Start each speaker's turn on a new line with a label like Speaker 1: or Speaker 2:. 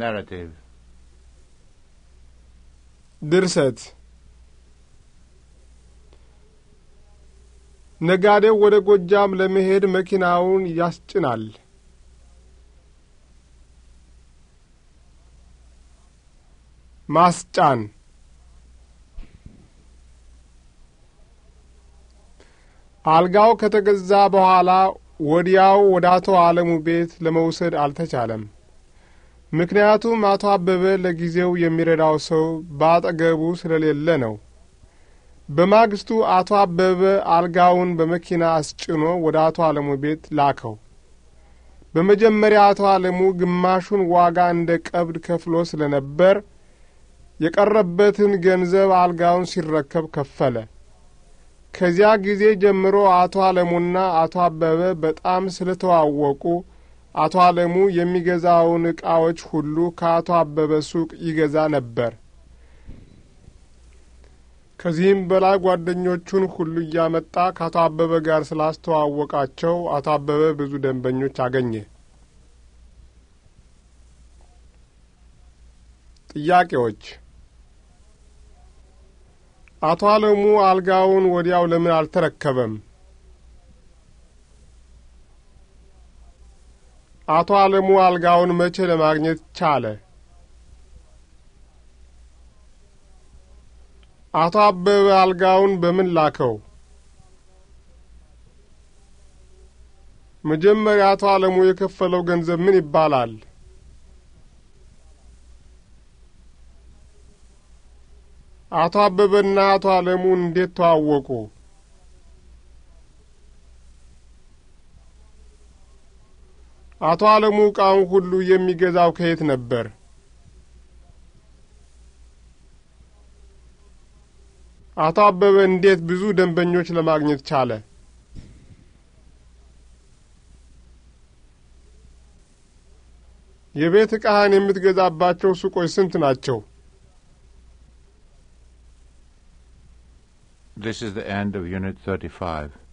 Speaker 1: ናራቲቭ ድርሰት ነጋዴው ወደ ጎጃም ለመሄድ መኪናውን ያስጭናል። ማስጫን አልጋው ከተገዛ በኋላ ወዲያው ወደ አቶ አለሙ ቤት ለመውሰድ አልተቻለም። ምክንያቱም አቶ አበበ ለጊዜው የሚረዳው ሰው በአጠገቡ ስለሌለ ነው። በማግስቱ አቶ አበበ አልጋውን በመኪና አስጭኖ ወደ አቶ አለሙ ቤት ላከው። በመጀመሪያ አቶ አለሙ ግማሹን ዋጋ እንደ ቀብድ ከፍሎ ስለነበር የቀረበትን ገንዘብ አልጋውን ሲረከብ ከፈለ። ከዚያ ጊዜ ጀምሮ አቶ አለሙና አቶ አበበ በጣም ስለተዋወቁ አቶ አለሙ የሚገዛውን ዕቃዎች ሁሉ ከአቶ አበበ ሱቅ ይገዛ ነበር። ከዚህም በላይ ጓደኞቹን ሁሉ እያመጣ ከአቶ አበበ ጋር ስላስተዋወቃቸው አቶ አበበ ብዙ ደንበኞች አገኘ። ጥያቄዎች አቶ አለሙ አልጋውን ወዲያው ለምን አልተረከበም? አቶ አለሙ አልጋውን መቼ ለማግኘት ቻለ? አቶ አበበ አልጋውን በምን ላከው? መጀመሪያ አቶ አለሙ የከፈለው ገንዘብ ምን ይባላል? አቶ አበበና አቶ አለሙ እንዴት ተዋወቁ? አቶ አለሙ ዕቃውን ሁሉ የሚገዛው ከየት ነበር? አቶ አበበ እንዴት ብዙ ደንበኞች ለማግኘት ቻለ? የቤት ዕቃህን የምትገዛባቸው ሱቆች ስንት ናቸው? This is the end of Unit 35.